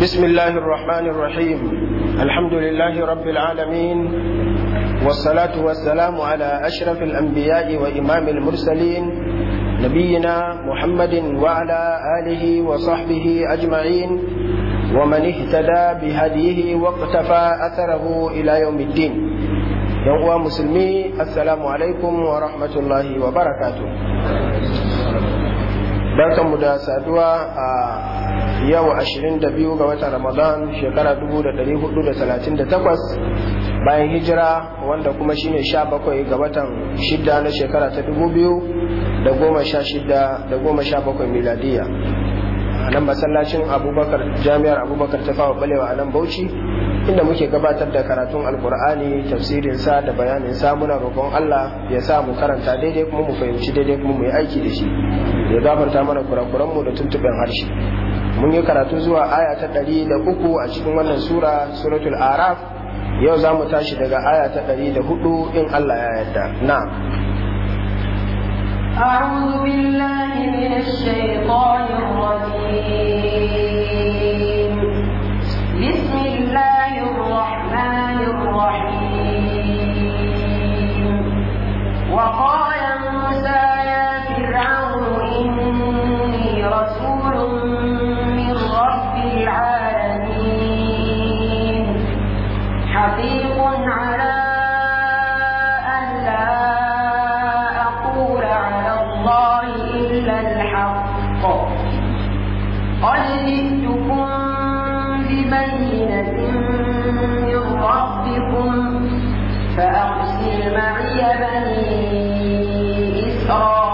بسم الله الرحمن الرحيم الحمد لله رب العالمين والصلاة والسلام على أشرف الأنبياء وإمام المرسلين نبينا محمد وعلى آله وصحبه أجمعين ومن اهتدى بهديه واقتفى أثره إلى يوم الدين يوم مسلمي السلام عليكم ورحمة الله وبركاته barkanmu da saduwa a yau 22 ga watan ramadan shekara 438 bayan hijira wanda kuma shine 17 ga watan 6 na shekara ta 2016 da 17 miladiya a nan masallacin abubakar jami'ar abubakar ta fawa balewa a nan bauchi inda muke gabatar da karatun alkur'ani tafsirin sa da bayanin sa muna roƙon Allah ya sa mu karanta daidai kuma mu fahimci daidai kuma mu yi aiki da shi ya gafarta mana kurakuran mu da tuntuɓen harshe mun yi karatu zuwa aya ta ɗari da uku a cikin wannan sura suratul araf yau za mu tashi daga aya ta ɗari da hudu in Allah ya yarda na أعوذ بالله من الشيطان الرجيم بسم الله الرحمن الرحيم وقال الحق قد جئتكم ببينة من ربكم فأرسل معي بني إسرائيل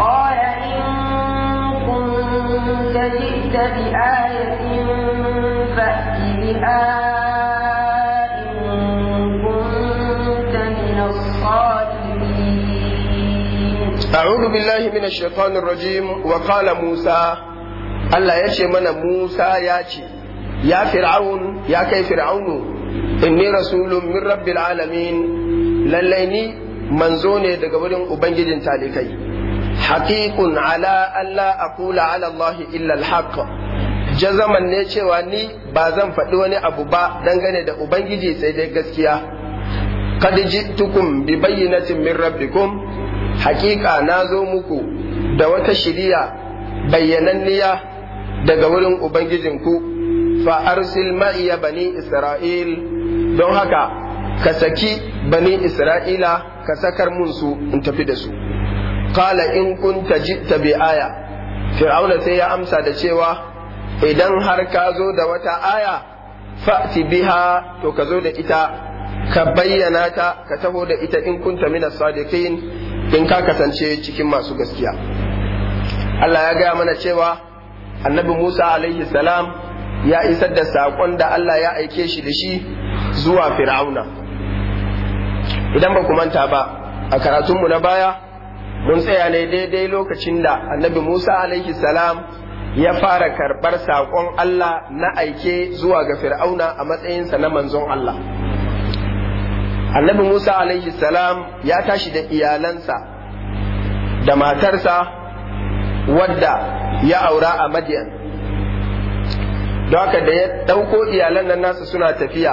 قال إن كنت جئت بآية فأت بها أعوذ بالله من الشيطان الرجيم وقال موسى الله يشي من موسى ياتي يا فرعون يا كي فرعون إني رسول من رب العالمين لليني منزوني دقبرين أبنجد تالكي حقيق على ألا أقول على الله إلا الحق jazaman ne cewa ni ba zan faɗi wani abu ba dangane da Ubangiji sai dai gaskiya. Kad ji'tukum bi bayyinatin min rabbikum hakika na zo muku da wata shiriya bayyananniya daga wurin ubangijinku fa arsil ma'iya bani isra'il don haka ka saki bani isra'ila ka sakar mun su in tafi da su qala in kunta ji'ta bi aya fir'auna sai ya amsa da cewa idan har ka zo da wata aya fa'ti biha to ka zo da ita ka bayyana ta ka taho da ita in kunta minas sadiqin in ka kasance cikin masu gaskiya Allah ya gaya mana cewa annabi Musa alaihi salam ya isar da saƙon da Allah ya aike shi da shi zuwa fir'auna idan ba ku manta ba a karatunmu na baya mun tsaya ne daidai lokacin da annabi Musa alaihi salam ya fara karɓar saƙon Allah na aike zuwa ga fir'auna a matsayinsa na manzon Allah annabi Musa alaihi salam ya tashi da iyalansa da matarsa wadda ya aura a Madian don haka da ya ɗauko iyalan nan nasu suna tafiya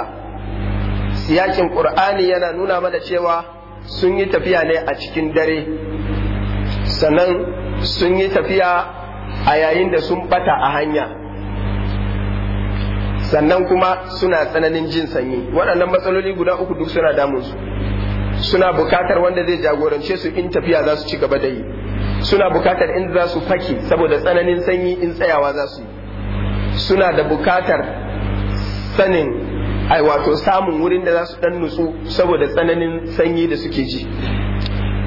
siyakin ƙur'ani yana nuna mana cewa sun yi tafiya ne a cikin dare sannan sun yi tafiya a yayin da sun bata a hanya sannan kuma suna tsananin jin sanyi waɗannan matsaloli guda uku duk suna damun su suna bukatar wanda zai jagorance su in tafiya za su ci gaba da yi suna bukatar in za su fake saboda tsananin sanyi in tsayawa za su yi suna da bukatar sanin ai wato samun wurin da za su dan nutsu saboda tsananin sanyi da suke ji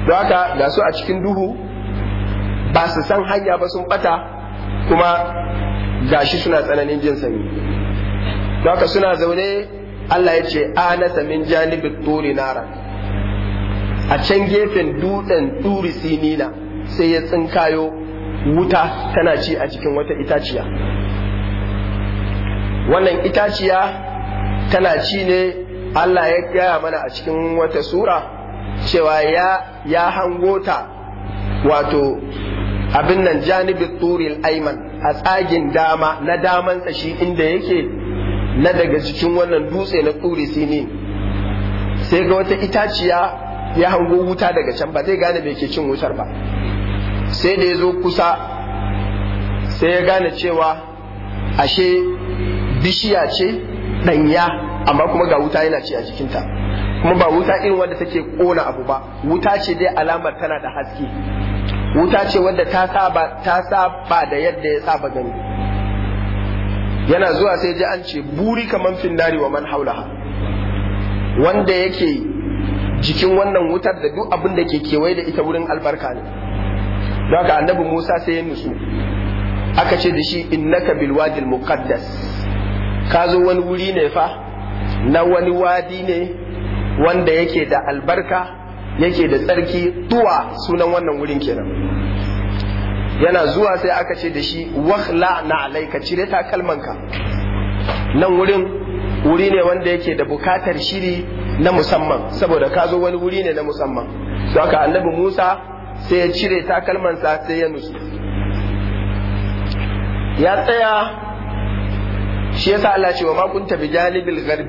don haka ga su a cikin duhu ba su san hanya ba sun bata kuma gashi suna tsananin jin sanyi haka suna zaune Allah ya ce anasa min janibin turi nara a can gefen dutsen turi sinina sai ya tsinkayo wuta tana ci a cikin wata itaciya wannan itaciya tana ci ne Allah ya gaya mana a cikin wata sura cewa ya ya hango ta wato abin nan janibin turi aiman a tsagin dama na damansa shi inda yake na daga cikin wannan dutse na sai sinin sai ga wata itaciya ya hango wuta daga can ba zai gane me ke cin wutar ba sai da ya zo kusa sai ya gane cewa ashe bishiya ce ɗanya amma kuma ga wuta yana ci a jikinta kuma ba wuta irin wanda take ƙona abu ba wuta ce dai alamar tana da haske wuta ce wadda ta saba da yadda ya saba gani yana zuwa sai ji an ce buri kaman finnari wa man haulaha wanda yake jikin wannan wutar da duk abin da ke kewaye da ita wurin albarka ne don haka annabi Musa sai ya nutsu aka ce da shi innaka bil wadil muqaddas ka zo wani wuri ne fa na wani wadi ne wanda yake da albarka yake da tsarki tuwa sunan wannan wurin kenan yana zuwa sai aka ce da shi wakhla na alaika cire takalmanka nan wurin wuri ne wanda yake da bukatar shiri na musamman saboda ka zo wani wuri ne na musamman don haka annabi Musa sai ya cire takalmansa sai ya nutsu ya tsaya shi sa Allah ce wa ma kunta bi janibil ta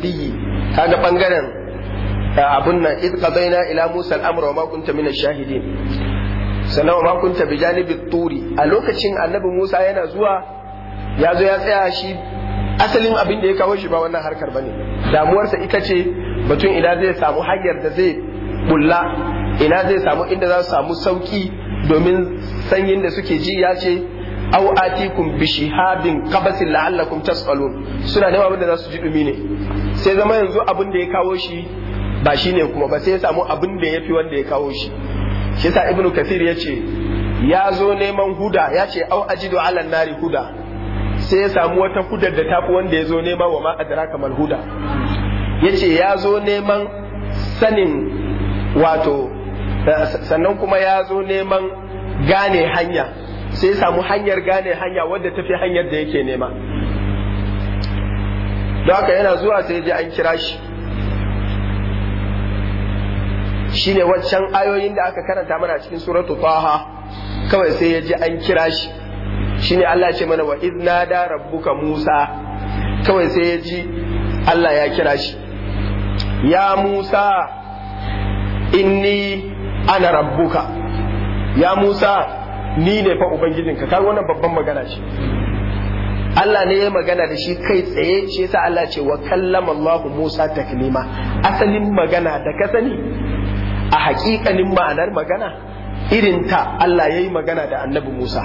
kaga bangaren eh, abun nan iz na ila Musa al-amra wa ma kunta min shahidin sannan ma kunta bi janibi turi a lokacin annabi Musa yana zuwa ya zo ya tsaya shi asalin abin da ya kawo shi ba wannan harkar bane damuwarsa ita ce batun idan zai samu hanyar da zai bulla ina zai samu inda za su samu sauki domin sanyin da suke ji ya ce aw atikum bi shihabin qabasin la'allakum tasqalun suna nema abin da za su ji dumi ne sai zama yanzu abin da ya kawo shi ba shine kuma ba sai ya samu abin da yafi wanda ya kawo shi shi ibnu kathir ce ya zo neman huda ya ce au ajidu ala nari huda sai ya samu wata hudar da tafi wanda ya zo nema wa ma'adara kamar mal huda ce ya zo neman sanin wato sannan kuma ya zo neman gane hanya sai ya samu hanyar gane hanya wadda ta fi hanyar da yake nema Da haka yana zuwa sai ya ji an kira shi shine waccan ayoyin da aka karanta mana cikin suratul taha kawai sai ya ji an kira shi shine Allah ce mana wa idna da rabbuka Musa kawai sai ya ji Allah ya kira shi ya Musa inni ana rabbuka ya Musa ni ne fa ubangijinka kai wannan babban magana ce Allah ne ya magana da shi kai tsaye shi yasa Allah ce wa kallama Allah Musa taklima asalin magana da ka sani a haƙiƙanin ma'anar magana irin ta Allah ya yi magana da annabi Musa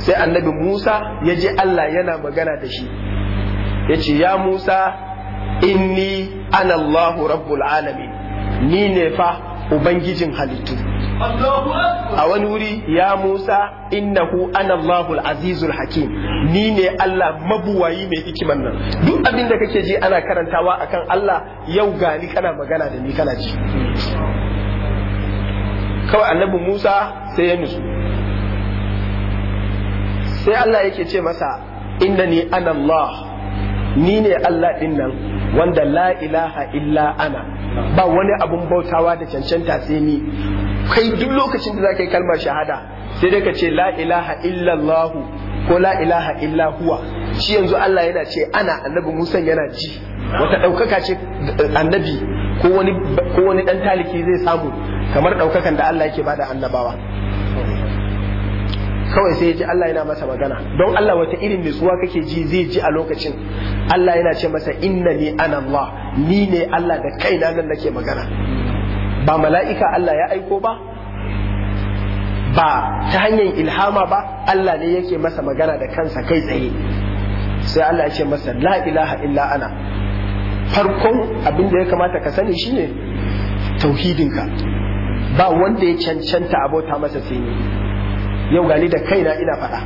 sai annabi Musa ya ji Allah yana magana da shi ya ce ya Musa inni anallahu Allahu rabbul alamin ni ne fa ubangijin halittu a wani wuri ya Musa innahu ana Allahul Azizul Hakim ni ne Allah mabuwayi mai hikiman nan duk abin da kake ji ana karantawa akan Allah yau gani kana magana da ni kana ji kawai annabi Musa sai ya nutsu sai Allah yake ce masa ni ana Allah ni ne Allah ɗin nan wanda la ilaha illa ana ba wani abun bautawa da cancanta sai ni kai duk lokacin da zaka yi kalmar shahada sai dai ka ce la ilaha illa Allah ko la ilaha illa huwa shi yanzu Allah yana ce ana annabi musan yana ji wata ɗaukaka ce annabi ko wani ko dan taliki zai samu kamar ɗaukakan da Allah yake bada annabawa kawai sai ya ji Allah yana masa magana don Allah wata irin nutsuwa kake ji zai ji a lokacin Allah yana ce masa inna ni ana Allah ni ne Allah da kaina nan nake magana ba mala'ika Allah ya aiko ba ba ta hanyar ilhama ba Allah ne yake masa magana da kansa kai tsaye sai Allah ya ce masa la ilaha illa ana farkon abin da ya kamata ka sani shine tauhidinka ba wanda ya cancanta abota masa sai yau gani da kaina ina faɗa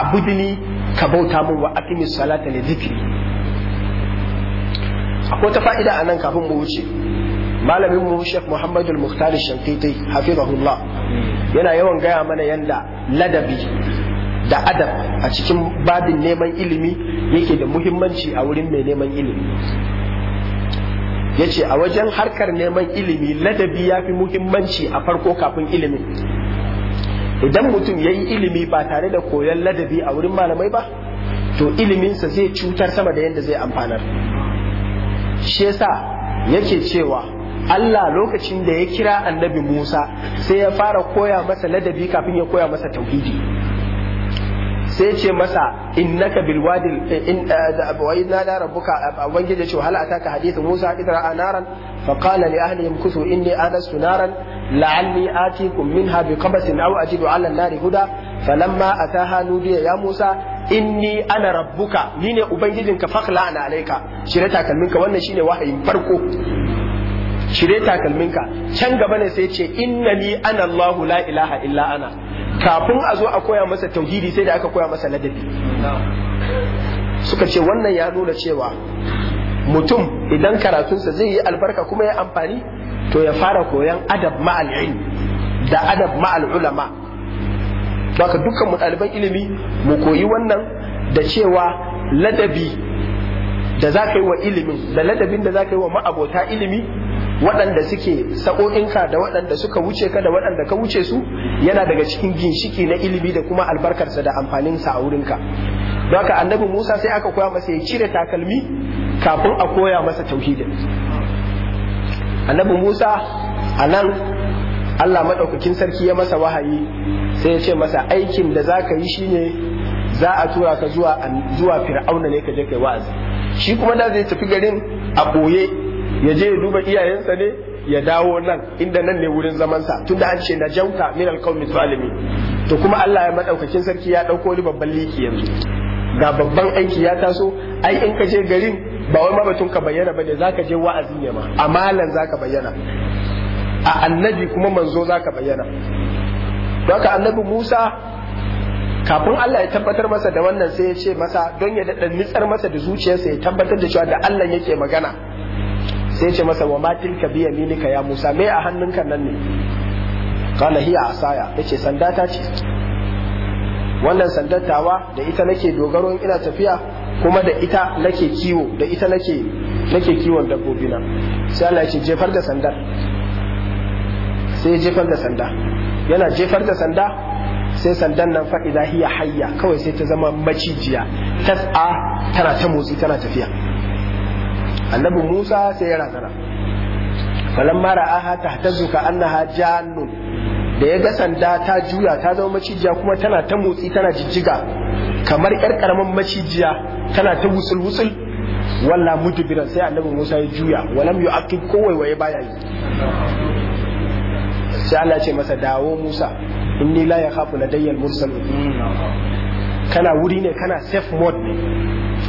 abudini ka bauta min wa aqimi salata li dhikri akwai ta fa'ida anan kafin mu wuce malamin mu Sheikh Muhammadul Mukhtar Shantiti hafizahullah yana yawan gaya mana yanda ladabi da adab a cikin babin neman ilimi yake da muhimmanci a wurin mai neman ilimi yace a wajen harkar neman ilimi ladabi ya fi muhimmanci a farko kafin ilimin idan mutum ya yi ilimi ba tare da koyon ladabi a wurin malamai ba to iliminsa zai cutar sama da yadda zai amfanar shi yasa yake cewa Allah lokacin da ya kira annabi Musa sai ya fara koya masa ladabi kafin ya koya masa tauhidi sai ce masa innaka bil wadi in eh, wa inna la rabbuka eh, ubangiji ce hal ataka hadithu Musa idra anaran fa qala li ahlihim kusu inni anastu naran La'ani atikum minha bi qabasin aw ajidu 'ala an-nari huda falamma ataha nudiya ya Musa inni ana rabbuka ni ne ubangijinka fakhla ana alayka shire takalminka wannan shine wahayin farko shire takalminka can gaba ne sai ce innani ana Allah la ilaha illa ana kafin a zo a koya masa tauhidi sai da aka koya masa ladabi suka ce wannan ya nuna cewa mutum idan karatunsa zai yi albarka kuma ya amfani to ya fara koyan adab ma'al ilm da adab ma'al ulama haka dukkan mu ɗaliban ilimi mu koyi wannan da cewa ladabi da za ka yi wa ilimin da ladabin da za ka yi wa ma'abota ilimi waɗanda suke sa'o'inka da waɗanda suka wuce ka da waɗanda ka wuce su yana daga cikin ginshiki na ilimi da kuma albarkarsa da amfaninsa a wurinka don haka annabi musa sai aka koya masa ya cire takalmi kafin a koya masa tauhidin annabi Musa a nan Allah maɗaukakin sarki ya masa wahayi sai ya ce masa aikin da za ka yi shine za a tura ka zuwa zuwa fir'auna ne ka je kai wa'azi shi kuma da zai tafi garin a ɓoye ya je ya duba iyayensa ne ya dawo nan inda nan ne wurin zaman sa tunda an ce na jauka min alqawmi zalimi to kuma Allah ya maɗaukakin sarki ya ɗauko ni babban liki yanzu ga babban aiki ya taso ai in ka je garin ba wai ma batun ka bayyana bane zaka je wa'azi ne ma amalan zaka bayyana a annabi kuma manzo zaka bayyana haka annabi Musa kafin Allah ya tabbatar masa da wannan sai ya ce masa don ya daɗa nitsar masa da zuciyarsa ya tabbatar da cewa da Allah yake magana sai ya ce masa wa matil ka biya ka ya Musa me a hannunka nan ne kana hiya asaya yace sanda ta ce wannan sandar tawa da ita nake dogaro ina tafiya kuma da ita nake kiwo da ita nake nake kiwon dabbobi na sai Allah ya ce jefar da sandar sai jefar da sanda yana jefar da sanda sai sandan nan fa hiya hayya kawai sai ta zama macijiya tas'a tana ta motsi tana tafiya annabi Musa sai ya razana falamma ra'aha tahtazu ka annaha jannun da ya ga sanda ta juya ta zama macijiya kuma tana ta motsi tana jijjiga kamar yar karaman macijiya tana ta wusul wusul walla mudbiran sai annabi Musa ya juya walam yu'aqib kowai waye baya yi sai Allah ce masa dawo Musa inni la yakhafu ladayyal mursal kana wuri ne kana safe mode ne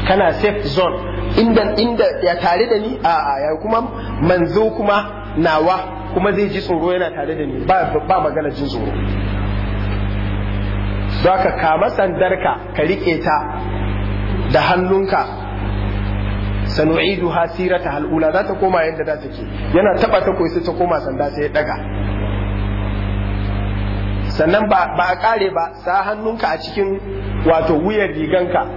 kana safe zone inda inda ya tare da ni a a ya kuma manzo kuma nawa kuma zai ji tsoro yana tare da ni ba ba magana jin tsoro za ka kama sandarka ka riƙe ta da hannunka sanu'idu hasira ta hal'ula za ta koma yadda za ta ke yana taɓa ta koyi sai ta koma sanda sai ya ɗaga sannan ba a ƙare ba sa hannunka a cikin wato wuyan riganka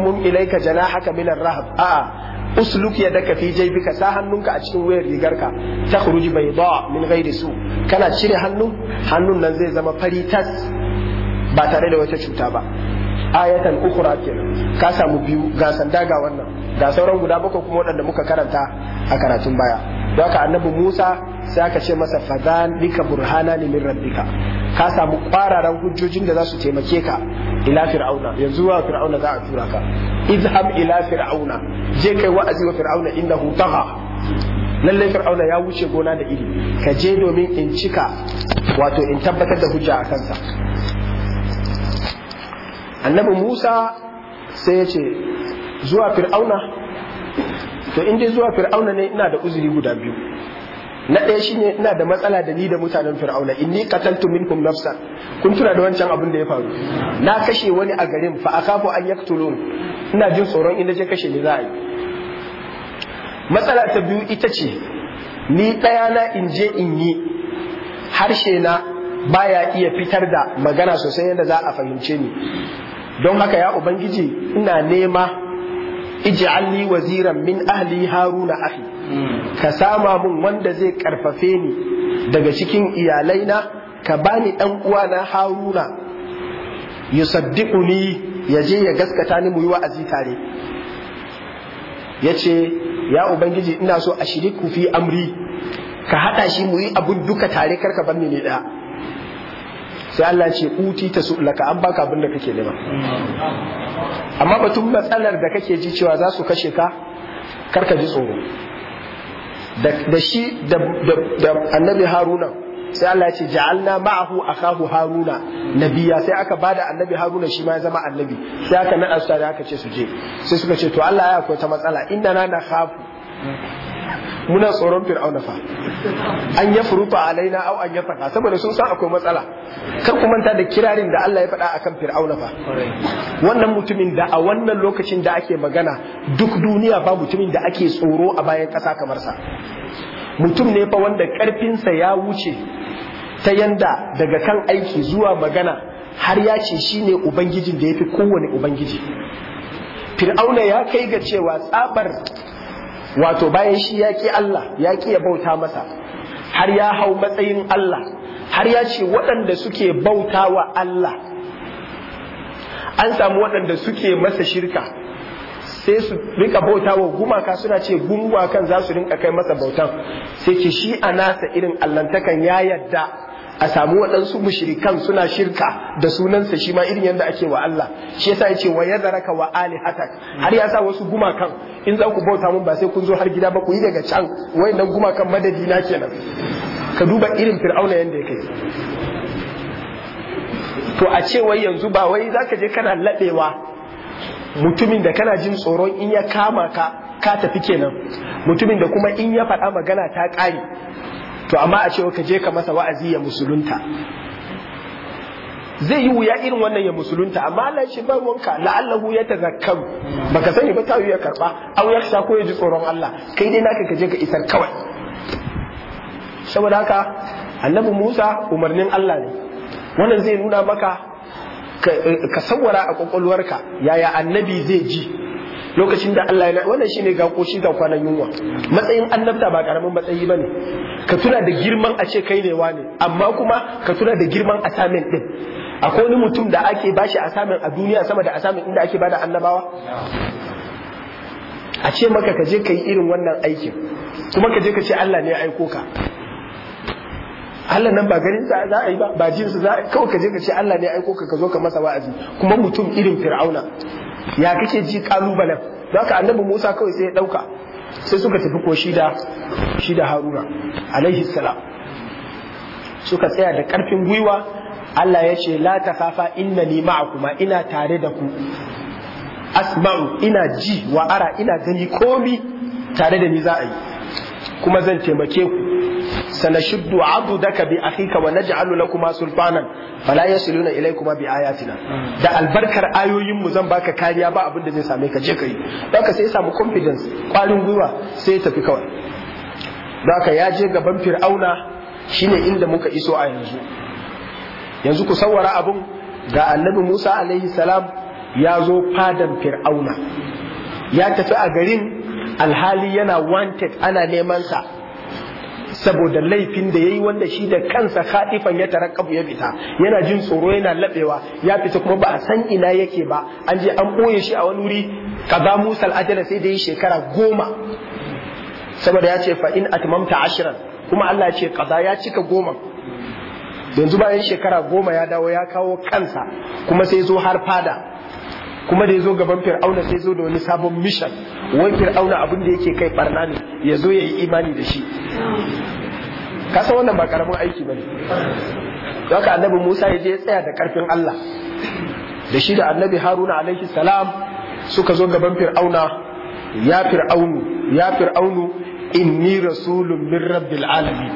mun ilaika jana haka minan rahab a'a usluk ka fi ka sa hannunka a cikin wuyar rigarka ta khuruji bai min ghairi su kana cire hannun hannun nan zai zama fari tas ba tare da wata cuta ba ayatan ukura kenan ka samu biyu ga sanda ga wannan ga sauran guda bako kuma waɗanda muka karanta a karatun baya don haka annabi Musa sai aka ce masa fadan bika burhana ne min rabbika ka samu kwararan hujjojin da za su taimake ka ila fir'auna yanzu wa fir'auna za a tura ka izham ila fir'auna je kai wa'azi wa fir'auna innahu tagha Lallai fir'auna ya wuce gona da iri ka je domin in cika wato in tabbatar da hujja a kansa annabi musa sai ya ce zuwa fir'auna to inda zuwa fir'auna ne ina da uzuri guda biyu na ɗaya shine ina da matsala da ni da mutanen fir'auna in ni minkum nafsan kun tuna da wancan abin da ya faru na kashe wani a garin fa akafu an yaktulun ina jin tsoron inda je kashe ni za a yi matsala ta biyu ita ce ni ɗaya na in je in yi harshe na baya iya fitar da magana sosai yadda za a fahimce ni don haka ya ubangiji ina nema alli waziran min ahli haruna ahi ka sama mun wanda zai karfafe ni daga cikin iyalaina ka bani dan uwa na haruna yusaddiquni yaje ya gaskata ni mu yi wa'azi tare yace ya ubangiji ina so a fi amri ka hada shi mu yi abun duka tare karka bar ni ne da sai Allah ce uti ta su laka an baka abin da kake nema amma batun matsalar da kake ji cewa za su kashe ka karka ji tsoro da shi da annabi haruna sai Allah ya ce ja'alna ma'ahu akahu haruna nabiya sai aka bada annabi haruna shi ma ya zama annabi sai aka nada su tare aka ce su je sai suka ce to Allah ya akwai ta matsala inna na nakhafu muna tsoron fir'auna fa an ya furuta alaina au an ya faka saboda sun san akwai matsala kar ku manta da kirarin da Allah ya faɗa akan fir'auna fa wannan mutumin da a wannan lokacin da ake magana duk duniya ba mutumin da ake tsoro a bayan ƙasa kamar sa mutum ne fa wanda ƙarfinsa ya wuce ta yanda daga kan aiki zuwa magana har ya ce shine ubangijin da ya fi kowane ubangiji fir'auna ya kai ga cewa tsabar wato bayan shi ya ki Allah ya ki ya bauta masa har ya hau matsayin Allah har ya ce waɗanda suke bauta wa Allah an samu waɗanda suke masa shirka sai su rika bauta wa gumaka suna ce kan za su rinka kai masa bautan sai ce shi a nasa irin allantakan ya yadda a samu waɗansu mushrikan suna shirka da sunansa shi ma irin yadda ake wa Allah shi yasa yace wa yadaraka wa Ali hatak har ya sa wasu gumakan in za ku bauta mun ba sai kun zo har gida ba ku yi daga can wayannan gumakan madadi na kenan ka duba irin fir'auna yadda ya kai to a ce wai yanzu ba wai zaka je kana laɗewa mutumin da kana jin tsoron in ya kama ka ka tafi kenan mutumin da kuma in ya faɗa magana ta ƙare to amma a ce ka je ka masa wa'azi ya musulunta zai yi wuya irin wannan ya musulunta amma Allah shi ba wanka la'allahu ya tazakkaru baka sani ba tayu ya karba aw ya sha ko ya ji tsoron Allah kai dai naka ka je ka isar kawai saboda haka annabi Musa umarnin Allah ne wannan zai nuna maka ka eh, sawara a kwakwalwarka yaya annabi zai ji lokacin da Allah ya wannan shine ga koshi ga kwanan yunwa matsayin annabta ba karamin matsayi bane ka tuna da girman a ce kai ne wane amma kuma ka tuna da girman assignment din akwai wani mutum da ake bashi assignment a duniya sama da assignment inda ake bada annabawa a ce maka ka je ka yi irin wannan aikin kuma ka je ka ce Allah ne ya aiko ka Allah nan ba ganin sa za a yi ba ba jinsu za a kawai ka je ka ce Allah ne ya aiko ka ka zo ka masa wa'azi kuma mutum irin fir'auna ya kake ji kalubalen don ka annabi Musa kawai sai ya ɗauka. sai suka tafi ko shida shida Haruna alaihi salam suka tsaya da karfin gwiwa Allah ya ce la inna ni ma'akuma ina tare da ku asma'u ina ji wa ara ina gani komi tare da ni za a yi kuma zan taimake ku sanashuddu daka bi akhika wa naj'alu lakuma sultanan fala yasiluna ilaykuma bi ayatina da albarkar ayoyin mu zan baka kariya ba abin da zai same ka je kai ka sai samu confidence kwarin gwiwa sai ya tafi kawai haka ya je gaban fir'auna shine inda muka iso a yanzu yanzu ku sawara abun ga annabi Musa alaihi salam ya zo fadan fir'auna ya tafi a garin alhali yana wanted ana neman sa saboda laifin da ya yi wanda shi da kansa khatifan ya tarakkabu ya fita yana jin tsoro yana labewa ya fita kuma ba a san ina yake ba an je an ɓoye shi a wani wuri kaza al ajala sai da yi shekara goma saboda ya ce fa in atmamta ashiran kuma Allah ya ce kaza ya cika goma yanzu bayan shekara goma ya dawo ya kawo kansa kuma sai zo har fada kuma da ya zo gaban fir'auna sai zo da wani sabon mission wai fir'auna abin da yake kai barna ne ya zo ya yi imani da shi kasa wannan ba karamin aiki ba ne haka annabi musa ya je ya tsaya da karfin allah da shi da annabi haruna alaihi salam suka zo gaban fir'auna ya fir'aunu ya fir'aunu inni rasulun min rabbil alamin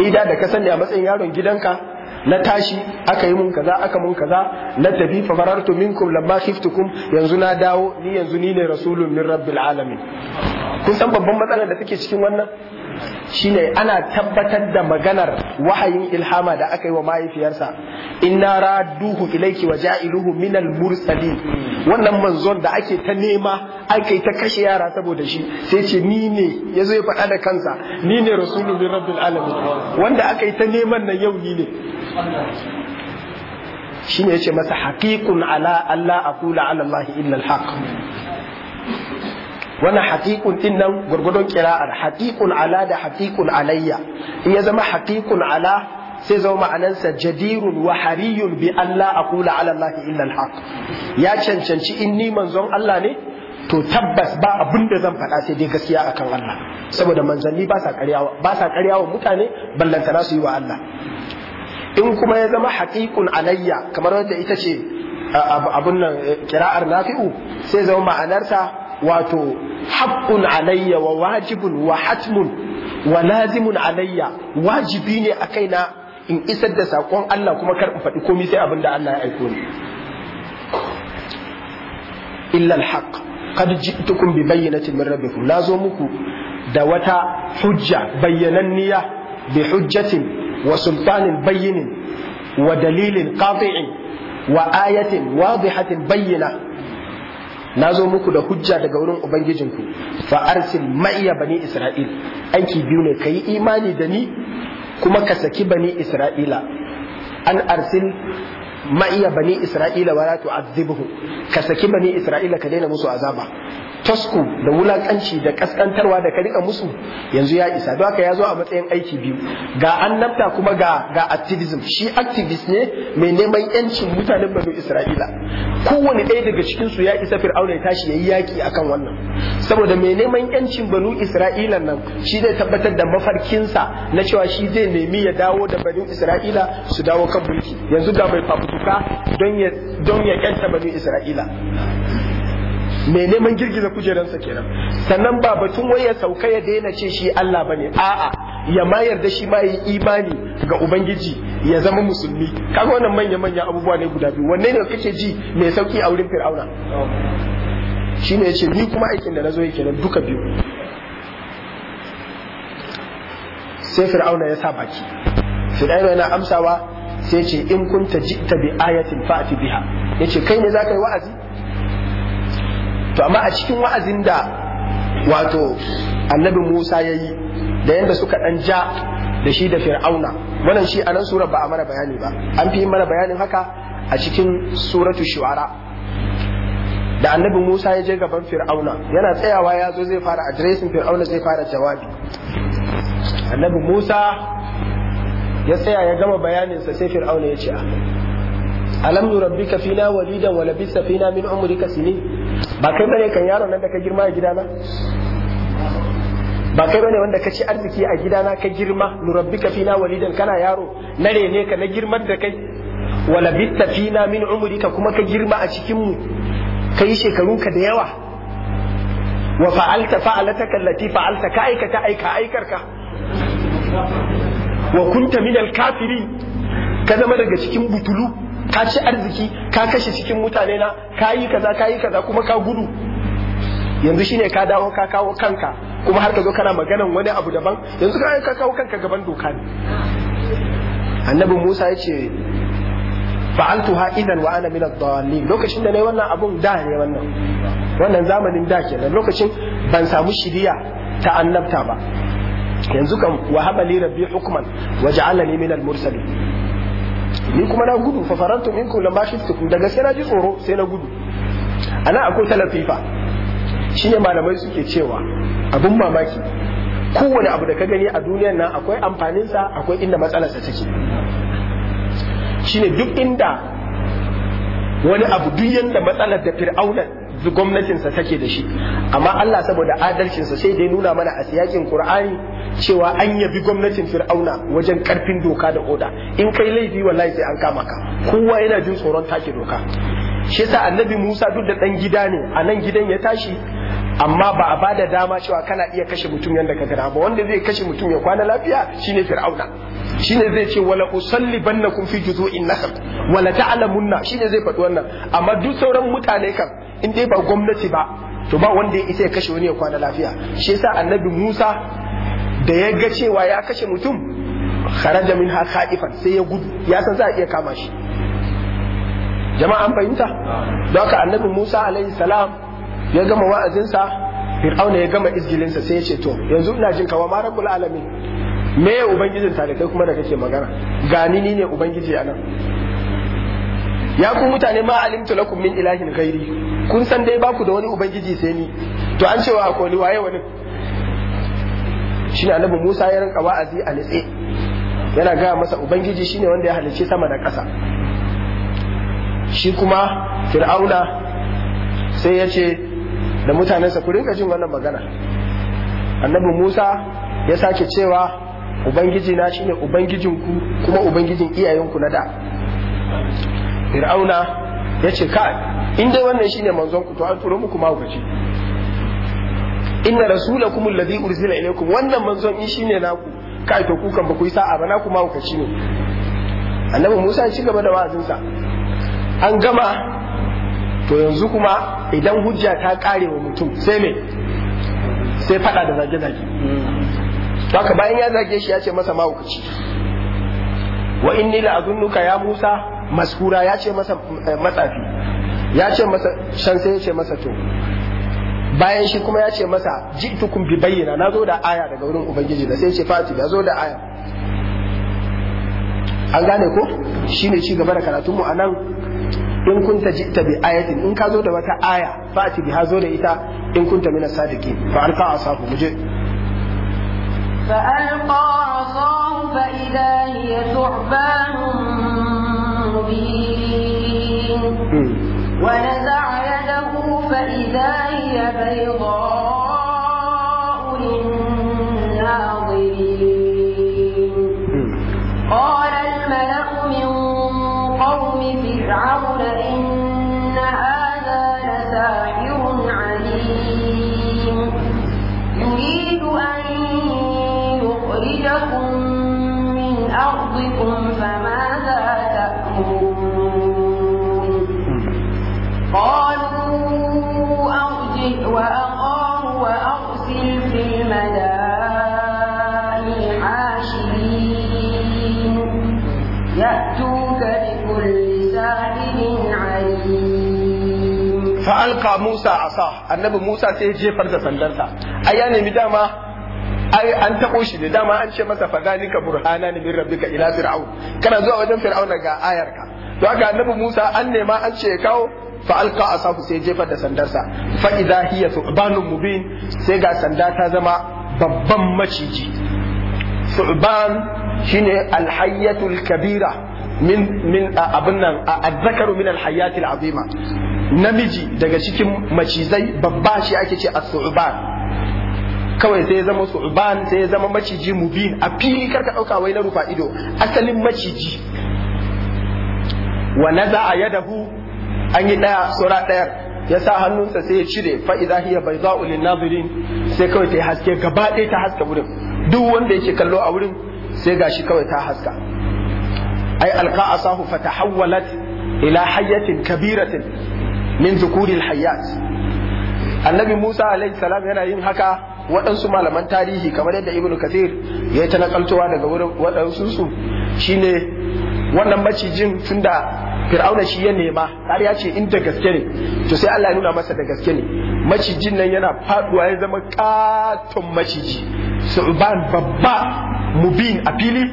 ni da da ka sani a matsayin yaron gidanka na tashi aka yi mun kaza aka mun kaza na tafi fa farartu minkum lamma khiftukum yanzu na dawo ni yanzu ni ne rasulun min rabbil alamin kun san babban matsalar da take cikin wannan shine ana tabbatar da maganar wahayin ilhama da aka yi wa mahaifiyarsa inna radduhu ilayki wa ja'iluhu minal mursalin wannan manzon da ake ta nema ake ta kashe yara saboda shi sai ce ni ne yazo ya faɗa da kansa ni ne rasulun min rabbil alamin wanda aka yi ta neman nan yau ni ne shi ne ya ce masa haƙiƙun ala Allah a kula ala Allah alhaq wannan haƙiƙun ɗin nan gwargwadon ƙira'ar haƙiƙun ala da haƙiƙun alayya in ya zama haƙiƙun ala sai zama ma'anansa jadirun wa hariyun bi Allah a kula ala Allah illa alhaq ya cancanci in ni manzon Allah ne to tabbas ba abin da zan faɗa sai dai gaskiya akan Allah saboda manzanni ba sa ƙaryawa ba sa ƙaryawa mutane ballantana su yi wa Allah in kuma ya zama haƙiƙun alayya kamar wanda ita ce abun nan eh, kira'ar nafi'u sai zama ma'anarsa wato haqqun alayya wa wajibun wa hatmun wa lazimun alayya wajibi ne a kaina in isar da saƙon Allah kuma karba faɗi komai sai abin da Allah ya aiko ni illa alhaq qad ji'tukum bi bayyinatin min rabbikum nazo muku da wata hujja bayyananniya bi hujjatin wa sultanin bayyinin wa dalilin qati'in wa ayatin wadihatin bayyina na zo muku da hujja daga wurin ubangijinku fa arsil ma'iya bani isra'il aiki biyu ne kayi imani da ni kuma ka saki bani isra'ila an arsil ma'iya bani isra'ila wala tu'azzibuhu ka saki bani isra'ila ka daina musu azaba tasko da wulakanci da kaskantarwa da ka rika musu yanzu ya isa don haka ya zo a matsayin aiki biyu ga annabta kuma ga ga activism shi activist ne mai neman yancin mutanen banu isra'ila kowane ɗaya daga cikin su ya isa fir'auna ya tashi yayi yaki akan wannan saboda mai neman yancin banu isra'ila nan shi zai tabbatar da mafarkinsa na cewa shi zai nemi ya dawo da banu isra'ila su dawo kan mulki yanzu ga mai fafutuka don ya don ya banu isra'ila mai neman girgiza kujeransa kenan sannan ba batun wai ya sauka ya daina ce shi Allah bane a'a ya ma yarda shi ma yi imani ga ubangiji ya zama musulmi kaga wannan manya manya abubuwa ne guda biyu wanne ne kake ji mai sauki a wurin fir'auna shine yace ni kuma aikin da nazo yake kenan duka biyu sai fir'auna ya sa baki fir'auna yana amsawa sai ce in kunta ta bi ayatin fa'ati biha yace kai ne zaka yi wa'azi to amma a cikin wa'azin da wato annabi Musa ya yi da yadda suka ɗan ja da shi da fir'auna wannan shi a nan surar ba a mana bayani ba an fi mana bayanin haka a cikin suratu shu'ara da annabi Musa ya je gaban fir'auna yana tsayawa ya zo zai fara adiresin fir'auna zai fara jawabi annabi Musa ya tsaya ya gama bayaninsa sai fir'auna ya ce alam nurabbika fina walidan wa labisa fina min umrika sinin ba kai bane kan yaron nan da ka girma a gidana ba kai bane wanda ka ci arziki a gidana ka girma nurabbika fina walidan kana yaro na rene ka na girman da kai wala bitta fina min umrika kuma ka girma a cikin mu ka yi shekarunka da yawa wa fa'alta fa'alataka allati fa'alta ka aikata aika aikarka wa kunta min al kafiri ka zama daga cikin butulu ka ci arziki ka kashe cikin mutane na ka yi kaza ka yi kaza kuma ka gudu yanzu shine ka dawo ka kawo kanka kuma har ka zo kana maganan wani abu daban yanzu ka ka kawo kanka gaban doka ne annabi Musa ya ce fa'altuha idan wa ana min ad-dallin lokacin da nayi wannan abun da ne wannan wannan zamanin da kenan lokacin ban samu shiriya ta annabta ba yanzu kan wa habali rabbi hukman waj'alani min al-mursalin ni kuma na gudu fa farantu lamba shi da gaske na ji tsoro sai na gudu ana akwai talafifa shine malamai suke cewa abun mamaki kowane abu da ka gani a duniyar nan akwai amfanin sa akwai inda matsalarsa take shine duk inda wani abu duk yanda matsalar da fir'aunan gwamnatinsa take da shi amma Allah saboda adalcinsa sai dai nuna mana a siyakin Qur'ani cewa an yabi gwamnatin Fir'auna wajen karfin doka da oda in kai laifi wallahi sai an kama ka kowa yana jin tsoron take doka shi yasa annabi Musa duk da dan gida ne a nan gidan ya tashi amma ba a bada dama cewa kana iya kashe mutum yanda ka gada ba wanda zai kashe mutum ya kwana lafiya shine fir'auna shine zai ce wala usallibannakum fi juzu'in nakhl wala ta'lamunna shine zai faɗi wannan amma duk sauran mutane kan in dai ba gwamnati ba to ba wanda ya isa ya kashe wani ya kwana lafiya shi yasa annabi Musa da ya ga cewa ya kashe mutum kharaja min khaifan sai ya gudu ya san za a iya kama shi jama'a an fahimta don haka annabi Musa alaihi salam ya gama wa'azinsa Fir'auna ya gama izgilinsa sai ya ce to yanzu ina jin kawa ma rabbul alamin me ubangijin kai kuma da kake magana gani ni ne ubangiji anan ya ku mutane ma alimtu lakum min ilahin ghairi kun san dai baku da wani ubangiji sai ni to an cewa ko ni waye wani shine annabi Musa ya rinka wa'azi a nitse yana gaya masa ubangiji shine wanda ya halarci sama da ƙasa shi kuma fir'auna sai ya ce da mutanensa ku rinka jin wannan magana annabi Musa ya sake cewa ubangiji na shine ubangijinku kuma ubangijin iyayenku na da fir'auna ya ce ka in dai wannan shine manzon ku to an turo muku mahaukaci inna rasulakum alladhi ursila ilaykum wannan manzon in shine naku kai to kukan ba ku yi sa'a ba naku mahaukaci ne annabi Musa ya ci gaba da wa'azinsa an gama to yanzu kuma idan hujja ta kare wa mutum sai me sai fada da zage-zage haka bayan ya zage shi ya ce masa mahaukaci wa inni la azunuka ya Musa maskura ya ce masa eh, matsafi ya ce masa shan sai ya ce masa to bayan shi kuma ya ce masa tukun bi bayyana na zo da aya daga wurin ubangiji da sai ya ce fati ya zo da aya an gane ko shi ne ci gaba da karatunmu a nan in kunta ta bi ayatin in ka zo da wata aya fati bi zo da ita in kunta min as-sadiqin fa alqa asahu muje فألقى fa فإذا ya ثعبان ونزع يده فإذا هي بيضاء للناظرين قال الملأ من قوم فرعون إن هذا لساحر عليم يريد أن يخرجكم من أرضكم قالوا أرجع وأخاه وأرسل في المدائن حاشرين يأتوك بكل ساحر عليم فألقى موسى عصاه النبي ai an taɓo shi da dama an ce masa ka burhana ne min ka ila fir'aun kana zuwa wajen fir'aun ga ayarka ka to annabi Musa an nema an ce kawo fa alqa asafu sai jefar da sandarsa Fa'iza hiya thubanun mubin sai ga sanda ta zama babban maciji Su'ban shine alhayyatul kabira min min abin nan azzakaru min alhayyatil azima namiji daga cikin macizai babba shi ake ce a thuban kawai sai ya zama su'ban sai ya zama maciji mubin a fili karka ɗauka wai na rufa ido asalin maciji wa naza'a yadahu an yi ɗaya saura ɗayar ya sa hannunsa sai ya cire fa'iza hiya bai za'u nazirin sai kawai ta yi haske gaba ɗaya ta haska wurin duk wanda yake kallo a wurin sai gashi kawai ta haska ai alqa asahu hawalat ila hayyatin kabiratin min zukuril hayyat annabi Musa alaihi salam yana yin haka waɗansu malaman tarihi kamar yadda ibnu kasir ya ta nakaltowa daga waɗansu su shine wannan macijin tun da fir'auna shi ya nema har ya ce in da gaske ne to sai Allah ya nuna masa da gaske ne macijin nan yana faduwa ya zama katon maciji su'ban babba mubin a fili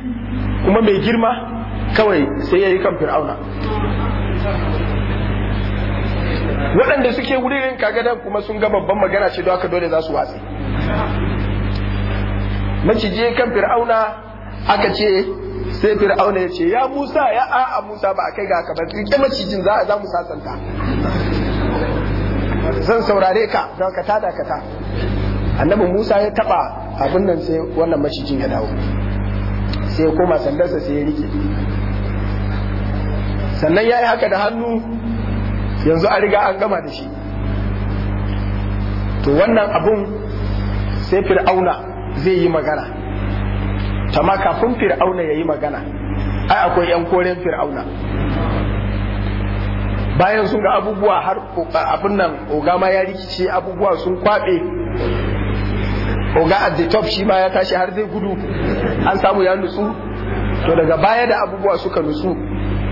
kuma mai girma kawai sai yayi kan fir'auna waɗanda suke wurin dan kuma sun ga babban magana ce don aka dole za su watsi maciji kan fir'auna aka ce sai fir'auna ya ce ya musa ya a'a musa ba a kai ga haka ba rike macijin za za mu sasanta zan saurare ka don ka tada ka ta annabi musa ya taba abin nan sai wannan macijin ya dawo sai ya koma sandarsa sai ya rike sannan ya yi haka da hannu yanzu an riga an gama da shi to wannan abun sai fir'auna zai yi magana tama kafin fir'auna ya yi magana ai akwai yan koren fir'auna bayan sun ga abubuwa har abin nan oga ma ya rikice abubuwa sun kwabe oga at the top shi ma ya tashi har zai gudu an samu ya nutsu to daga baya da abubuwa suka nutsu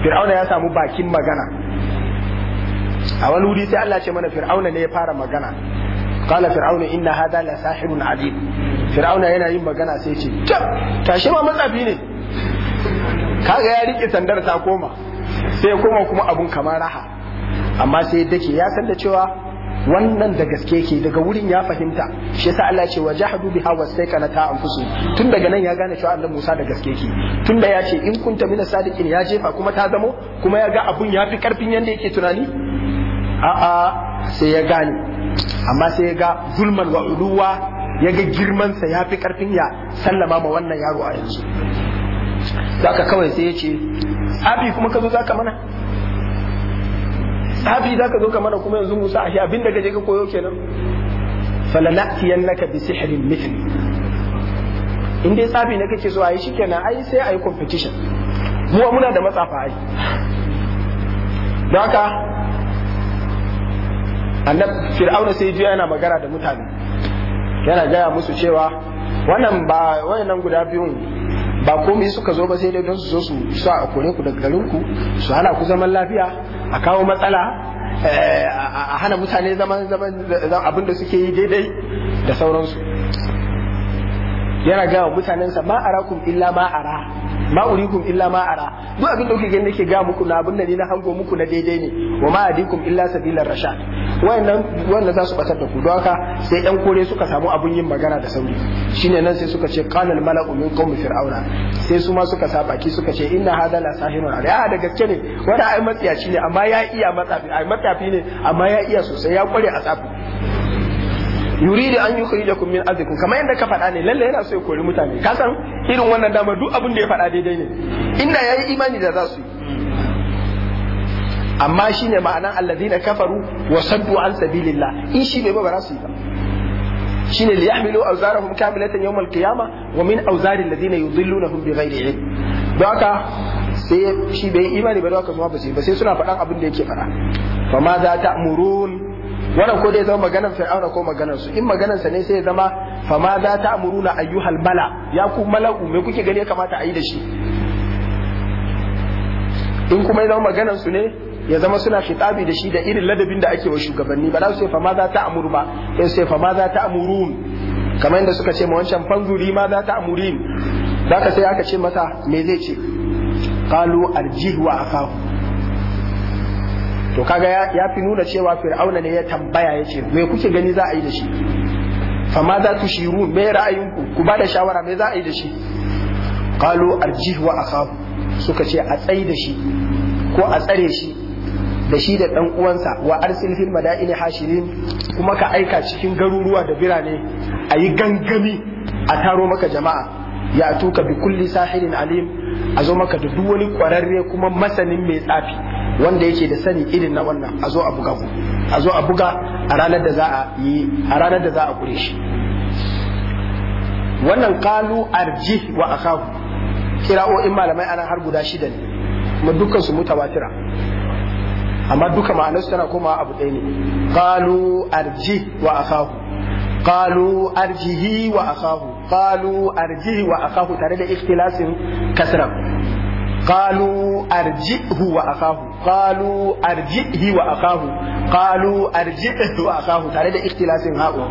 fir'auna ya samu bakin magana a wani wuri sai Allah ce mana fir'auna ne ya fara magana qala fir'auna inna hadha la sahirun alim fir'auna yana yin magana sai ce tashi ma matsafi ne kaga ya rike sandar ta koma sai koma kuma abun kamar raha amma sai dake ya san da cewa wannan da gaske ke daga wurin ya fahimta shi yasa Allah ce wajahadu biha wasaykana ta anfusu tun daga nan ya gane cewa Allah Musa da gaske ke tun da ya ce in kunta mina sadiqin ya jefa kuma ta zamo kuma ya ga abun ya fi karfin yanda yake tunani a'a sai ya gane amma sai ya ga zulman wa uluwa ya ga girmansa ya fi karfin ya sallama ma wannan yaro a yanzu za ka kawai sai ya ce tsafi kuma ka zo za ka mana Safi za ka zo ka mana kuma yanzu musa a shi abin da gaje ka koyo kenan falanatiyannaka bi sihrin mithli in dai tsafi na kake so ayi shikenan ai sai ayi competition mu muna da matsafa ai don haka annab fir'auna sai jiya yana magana da mutane yana gaya musu cewa wannan ba wayannan guda biyun ba komai suka zo ba sai dai don su zo su sa a kore ku daga garin ku su hana ku zaman lafiya a kawo matsala eh, a hana mutane zaman zaman abin da suke yi daidai da sauransu yana ga mutanensa ma illa ma ara ma urikum illa ma ara duk abin da kuke gani nake ga muku na abin da ni na hango muku na daidai ne wa ma adikum illa sabilar rashad wayannan wannan za su batar da ku don sai ɗan kore suka samu abin yin magana da sauri shine nan sai suka ce qala al mala'u min fir'auna sai su ma suka sa baki suka ce inna hadha la sahirun ali a ah, da gaske ne wanda ai matsiyaci ne amma ya iya matsafi ai matsafi ne amma ya iya sosai ya kware a tsafi yuridu an yukhrijakum min ardikum kamar yadda ka faɗa ne lalle yana so ya kori mutane ka san irin wannan dama duk abin da ya faɗa daidai ne inda yayi imani da za su yi amma shine ma'anan alladhina kafaru wa saddu an sabilillah in shi bai ba su yi ba shine li yahmilu awzarahum kamilatan yawm al-qiyama wa min awzari alladhina yudhillunahum bighairi ilm don haka sai shi bai imani ba don haka su ba sai suna faɗan abin da yake faɗa fa ma za ta'murun wannan ko dai zama maganar fir'auna ko maganar su in maganar sa ne sai ya zama fa ma za ta amuruna ayyuhal mala ya ku mala'u me kuke gani ya kamata a yi da shi in kuma ya zama maganar su ne ya zama suna khitabi da shi da irin ladabin da ake wa shugabanni ba za su sai fa ma za ta amuru ba sai su fa ma za ta amurun kamar yadda suka ce ma wancan fanzuri ma za ta amurin zaka sai aka ce masa me zai ce qalu arjihu wa akahu to kaga ya fi nuna cewa fir'auna ne ya tambaya ya ce me kuke gani za a yi da shi ma za ku shiru me ra'ayinku ku bada shawara me za a yi da shi qalu arjih wa akhab suka ce a tsai da shi ko a tsare shi da shi da dan uwansa wa arsil fil madaini hashirin kuma ka aika cikin garuruwa da birane a yi gangami a taro maka jama'a ya tuka bi kulli sahirin alim a zo maka da duk wani kwararre kuma masanin mai tsafi wanda yake da sani irin na wannan a zo a buga a zo a buga a ranar da za a yi a ranar da za a kure shi wannan kalu arji wa akahu kira'o'in malamai ana har guda shida ne kuma dukkan su mutawatira amma duka ma'anar su tana koma abu ɗaya ne Kalu arji wa akahu qalu arjihi wa akahu Kalu arjihi wa akahu tare da ikhtilasin kasra qalu arji'hu wa akahu qalu arji'hi wa akahu qalu arji'hu wa akahu tare da ikhtilafin ha'u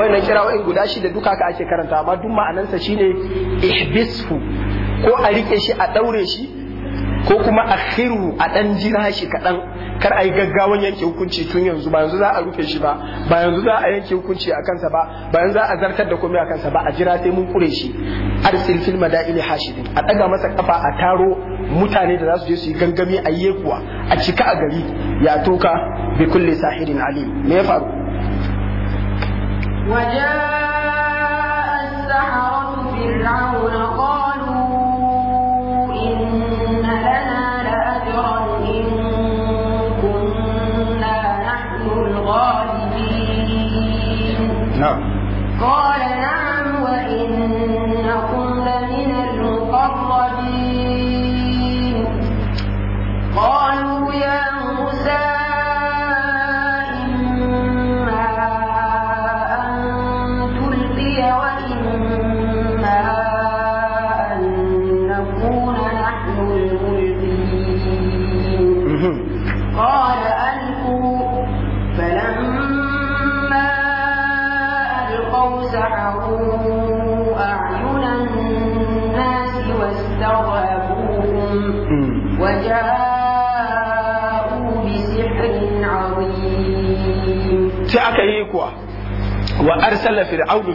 wannan kirawoyin guda shi da duka ka ake karanta amma duk ma'anansa shine ihbishu ko a rike shi a ɗaure shi ko kuma akhiru a ɗan jira shi kaɗan kar a yi gaggawan yanke hukunci tun yanzu ba yanzu za a rufe shi ba ba yanzu za a yanke hukunci a kansa ba ba yanzu za a zartar da komai a kansa ba a jira sai mun kure shi arsil fil madaili hashidin a ɗaga masa kafa a taro mutane da za su je su yi gangami a kuwa a cika a gari ya toka bi kulli sahirin alim me ya faru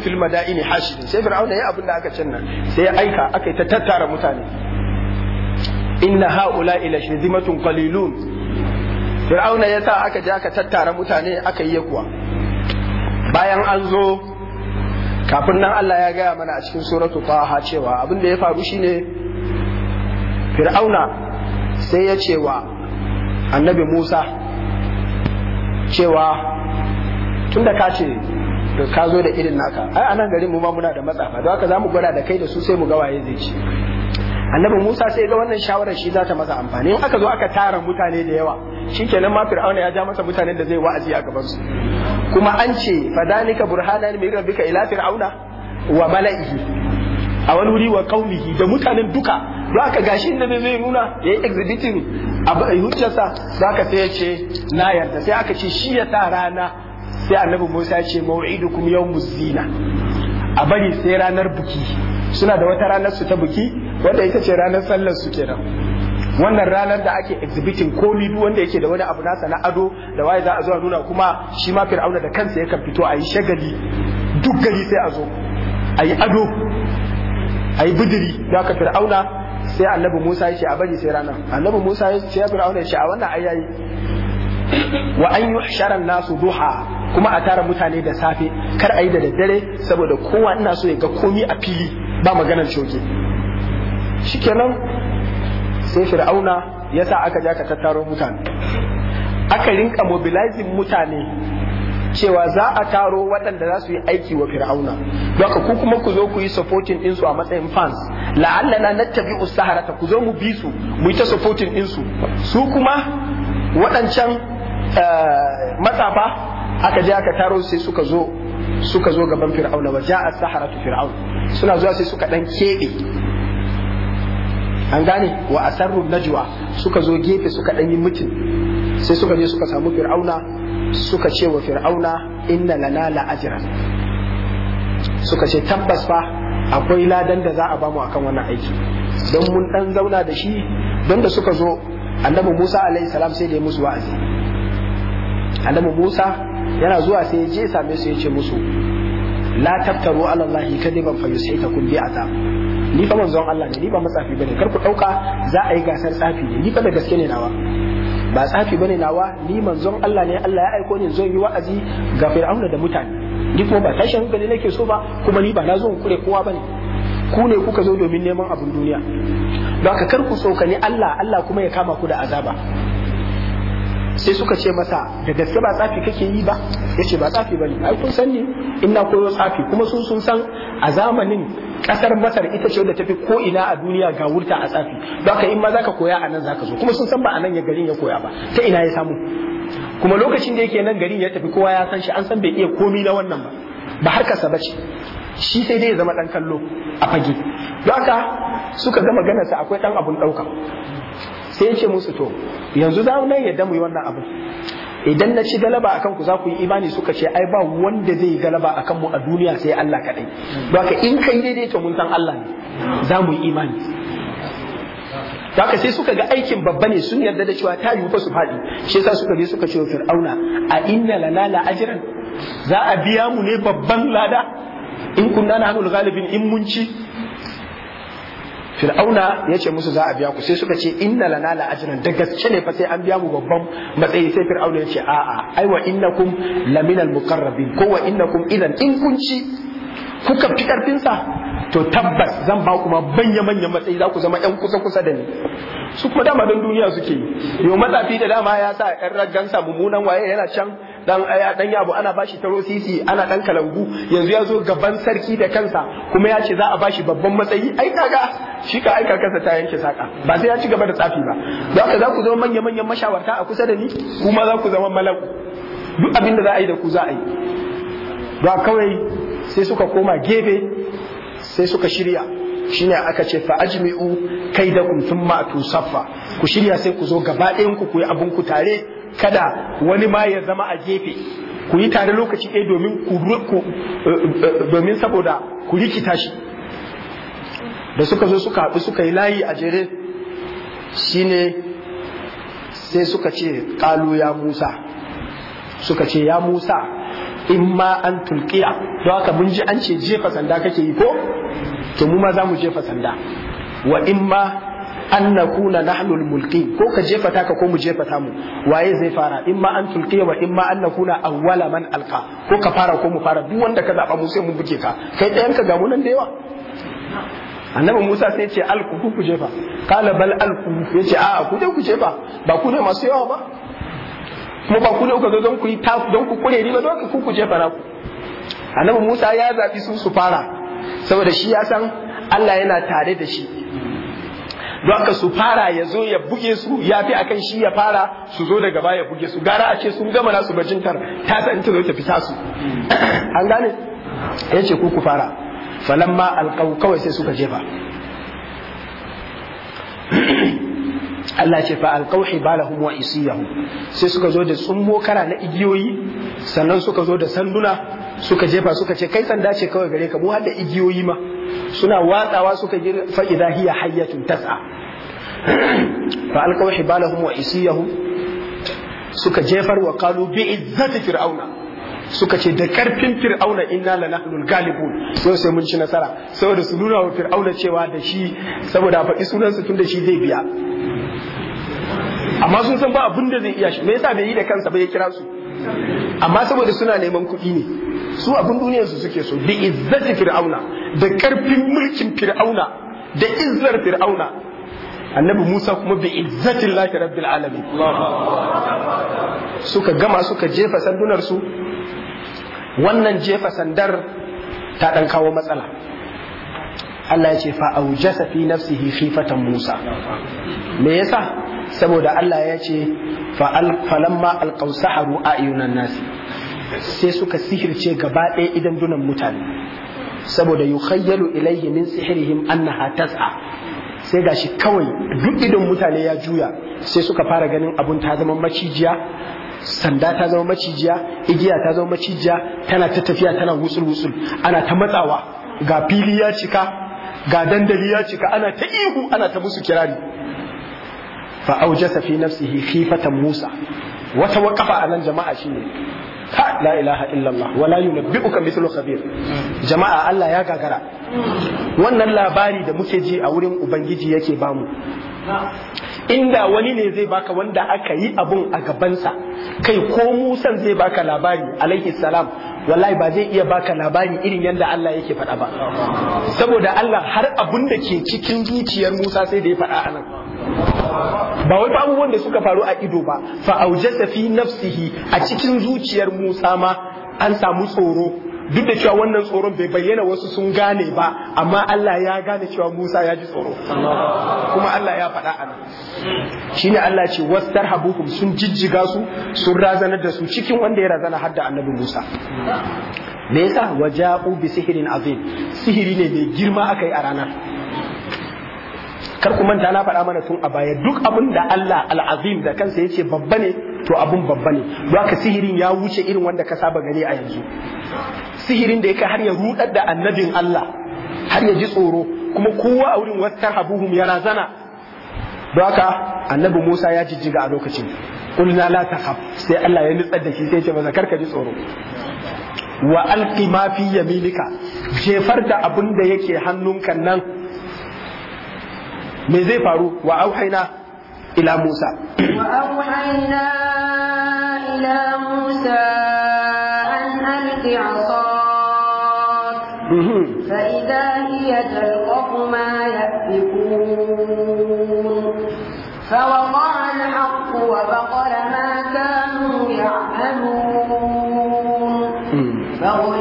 fil madaini hashidin sai fir'auna ya abin da aka canna sai ya aika aka yi ta tattara mutane inna haula ila shizimatun qalilun fir'auna ya sa aka ja ka tattara mutane aka yi kuwa bayan an zo kafin nan Allah ya gaya mana a cikin suratu taha cewa abin da ya faru shine fir'auna sai ya cewa annabi Musa cewa tunda ka ce to ka zo da irin naka ai anan garin mu ma muna da matsafa don haka zamu gwada da kai da su sai mu ga waye zai ci annabi Musa sai ga wannan shawarar shi za ta masa amfani in aka zo aka tara mutane da yawa shikenan ma Fir'auna ya ja masa mutanen da zai wa'azi a gaban su kuma an ce fadanika burhanan min rabbika ila fir'auna wa mala'ihi a wani wuri wa qaumihi da mutanen duka za ka gashi inda zai nuna yayi exhibiting a hujjarsa zaka ka sai ya ce na yarda sai aka ce shi ya sa rana sai annabi Musa ya ce mau'idukum yawmuz zina a bari sai ranar buki suna da wata ranar su ta buki wanda ita ce ranar sallar su kenan wannan ranar da ake exhibitin komi duk wanda yake da wani abu nasa na ado da waye za a zo a nuna kuma shi ma fir'auna da kansa ya kan fito a yi shagali duk gari sai a zo a yi ado a yi bidiri da aka fir'auna sai annabi musa ya ce a bari sai ranar annabi musa ya ce ya fir'auna ya ce a wannan ayyayi wa an yi nasu duha kuma a tara mutane da safe kar a yi da daddare saboda kowa ina so ya ga komi a fili ba maganar shi shikenan sai fir'auna ya sa aka ja ka tattaro mutane aka rinka mobilizing mutane cewa za a taro waɗanda za su yi aiki wa fir'auna doka ku kuma ku zo ku yi supporting din su a matsayin fans la'alla na nattabi usaharata ku zo mu bi su mu yi ta supporting din su su kuma waɗancan eh, matsafa aka je aka taro sai suka zo suka zo gaban fir'auna wa ja'a saharatu fir'aun suna zuwa sai suka dan kebe an gane wa asarru najwa suka zo gefe suka dan yi mutum sai suka je suka samu fir'auna suka ce wa fir'auna inna lana la ajran suka ce tabbas fa akwai ladan da za a bamu akan wannan aiki don mun dan zauna da shi don da suka zo annabi Musa alaihi salam sai da ya musu wa'azi annabi Musa yana zuwa sai ya je same su ya ce musu la taftaru ala Allah kadiban fa yusitakum bi ata ni fa manzon Allah ne ni ba matsafi bane kar ku dauka za a yi gasar tsafi ne ni fa da gaske ne nawa ba tsafi bane nawa ni manzon Allah ne Allah ya aiko ni zo yi wa'azi ga fir'auna da mutane ni kuma ba tashin hankali nake so ba kuma ni ba na zo kure kowa bane ku ne kuka zo domin neman abin duniya don haka kar ku tsokani Allah Allah kuma ya kama ku da azaba sai suka ce masa da gaske ba tsafi kake yi ba yace ba tsafi bane ai kun san ne ina koyo tsafi kuma sun sun san a zamanin kasar Masar ita ce wadda tafi ko ina a duniya ga wurta a tsafi don ka in ma zaka koya a nan zaka zo kuma sun san ba a nan ya garin ya koya ba ta ina ya samu kuma lokacin da yake nan garin ya tafi kowa ya san shi an san bai iya komi na wannan ba ba harkarsa ba ce shi sai dai ya zama dan kallo a fage don haka suka ga maganarsa akwai dan abun dauka sai ya ce musu to yanzu za mu yadda mu yi wannan abu idan na ci galaba akan ku za ku yi imani suka ce ai ba wanda zai yi galaba a kanmu a duniya sai Allah kadai ka in kai daidai to mun san Allah ne za mu yi imani haka sai suka ga aikin babba ne sun yarda da cewa ta yi fa su faɗi shi yasa suka je suka ce wa fir'auna a inna lana la ajran za a biya mu ne babban lada in kunna na hanul galibin in mun ci fir'auna ya ce musu za a biya ku sai suka ce inna lana la ajran da gaske ne fa sai an biya mu babban matsayi sai fir'auna ya ce a'a ai wa innakum laminal muqarrabin ko wa innakum idan in kun ci kuka fi karfin sa to tabbas zan ba kuma manya matsayi za ku zama yan kusa kusa da ni su kuma dama don duniya suke yi yau matsafi da dama ya sa yan ragansa sa mummunan waye yana can dan aya eh, dan yabo ana bashi taro sisi ana dan kalangu yanzu ya zo gaban sarki da kansa kuma ya ce za a bashi babban matsayi ai kaga shi ka aika kansa ta yanke saka ba sai ya ci gaba da tsafi ba don haka za ku zama manya manyan mashawarta a kusa da ni kuma za ku zama malaku duk abin da za a yi da ku za a yi ba kawai sai suka koma gefe sai suka shirya shine aka ce fa ajmi'u kaidakum thumma tusaffa ku shirya sai ku zo gaba ɗayan ku ku yi abun ku tare kada wani ma ya zama a jefe ku yi tare lokaci ɗaya domin ku eh, eh, domin saboda ku rikita shi da suka zo suka haɗu suka yi layi a jere shine sai suka ce ƙalu ya musa suka ce ya musa in ma an tulkiya don haka mun ji an ce jefa sanda kake yi ko to mu ma za mu jefa sanda wa in ma an na na nahnu mulki ko ka jefa taka ko mu jefa ta mu waye zai fara in ma an tulqiya wa in ma an na kuna awwala man alqa ko ka fara ko mu fara duk wanda ka zaba mu sai mun buke ka kai ɗayan ka ga mu nan da yawa annabi Musa sai ce alku ku ku jefa kala bal alku yace a ku je ku jefa ba ku ne masu yawa ba kuma ba ku ne kuka don ku yi ta don ku kure ni ba don ku ku jefa na ku annabi Musa ya zabi su su fara saboda shi ya san Allah yana tare da shi don su fara ya zo ya buge su ya fi akan shi ya fara su zo daga baya ya buge su gara a ce sun gama nasu bajintar ta san ta zo ta fita su hmm. an gane ya ce ku ku fara falamma alƙau kawai sai suka jefa Allah ce fa alqaw hibalahum wa isiyahum sai suka zo da tsummo kara na igiyoyi sannan suka zo da sanduna suka jefa suka ce kai sanda ce kawai gare ka mu har da igiyoyi ma suna watsawa suka yi fa hayyacin hiya hayyatun tas'a fa alqaw hibalahum wa isiyahum suka jefar wa qalu bi izzati fir'auna suka ce da karfin fir'auna inna la nahnul galibun so sai mun ci nasara saboda su nuna wa fir'auna cewa da shi saboda a faɗi sunansu tun da shi zai biya amma sun san ba abin da zai iya shi me yasa bai yi da kansa ba ya kira su amma saboda suna neman kuɗi ne su abin duniyar su suke so bi izzati fir'auna da karfin mulkin fir'auna da izzar fir'auna annabi Musa kuma bi izzatin lahi rabbil alamin suka gama suka jefa sandunar su wannan jefa sandar ta dan kawo matsala Allah ya ce fa aujasa fi nafsihi khifatan Musa me yasa saboda Allah ya ce fa falamma alqaw saharu ayunan nasi sai suka sihirce gaba ɗaya idan dunan mutane saboda khayyalu ilayhi min sihirihim annaha tas'a sai gashi kawai duk idan mutane ya juya sai suka fara ganin abun ta zama macijiya sanda ta zama macijiya igiya ta zama macijiya tana ta tafiya tana wusul wusul ana ta matsawa ga fili ya cika ga dandali ya cika ana ta ihu ana ta musu kirari fa aujasa fi nafsihi khifatan musa wata waqafa anan jama'a shine la ilaha illallah wala yunabbi'uka mithlu khabir jama'a Allah ya gagara wannan labari da muke ji a wurin ubangiji yake bamu inda wani ne zai baka wanda aka yi abun a gabansa kai ko musan zai baka labari alaihi salam wallahi ba zai iya baka labari irin yadda Allah yake faɗa ba saboda Allah har abun da ke cikin zuciyar Musa sai da ya faɗa anan ba wai abubuwan da suka faru a ido ba fa aujasa fi nafsihi a cikin zuciyar Musa ma an samu tsoro duk da cewa wannan tsoron bai bayyana wasu sun gane ba amma Allah ya gane cewa Musa ya ji tsoro kuma Allah ya faɗa a nan shine Allah ce wastarhabuhum sun jijjiga su sun razana da su cikin wanda ya razana har da annabi Musa me yasa waja'u bi sihirin azim sihiri ne mai girma aka a ranar kar ku manta na faɗa mana tun a baya duk abin da Allah al'azim da kansa yace babba ne to abun babba ne haka sihirin ya wuce irin wanda ka saba gani a yanzu sihirin da yake har ya rudar da annabin Allah har ya ji tsoro kuma kowa a wurin wastar habuhum ya razana don haka annabi Musa ya jijjiga a lokacin qulna la takhaf sai Allah ya nutsar da shi sai ce ce masa ka ji tsoro wa alqi ma fi yaminika jefar da abin da yake hannunka nan me zai faru wa auhaina ila Musa wa auhaina ila Musa an alqi asat fa idha hiya talqaf ma yafikun fa فوقع wa وبطل ma kanu ya'malun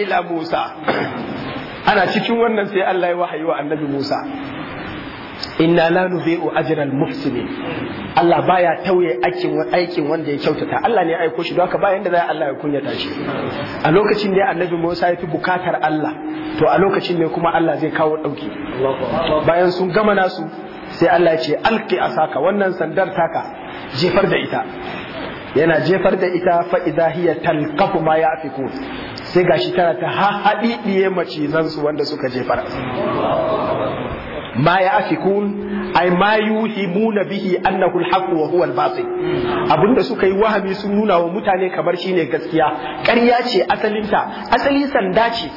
ila Musa ana cikin wannan sai Allah ya wahayi wa annabi Musa inna la nudhi'u ajral muhsinin Allah baya tauye aikin aikin wanda ya kyautata Allah ne ya aiko shi don haka ba yanda za Allah ya kunyata shi a lokacin da annabi Musa ya fi bukatar Allah to a lokacin ne kuma Allah zai kawo dauki bayan sun gama nasu sai Allah ya ce alqi asaka wannan sandar taka jefar da ita yana jefar da ita fa idza hiya talqafu ma yafiku sai shi tana ta haɗi diye su wanda suka jefar ma yafikun ay ma yuhimuna bihi annahu alhaq wa huwa albatil abinda suka yi wahami sun nuna wa mutane kamar shine gaskiya ƙarya ce asalinta asali sanda ce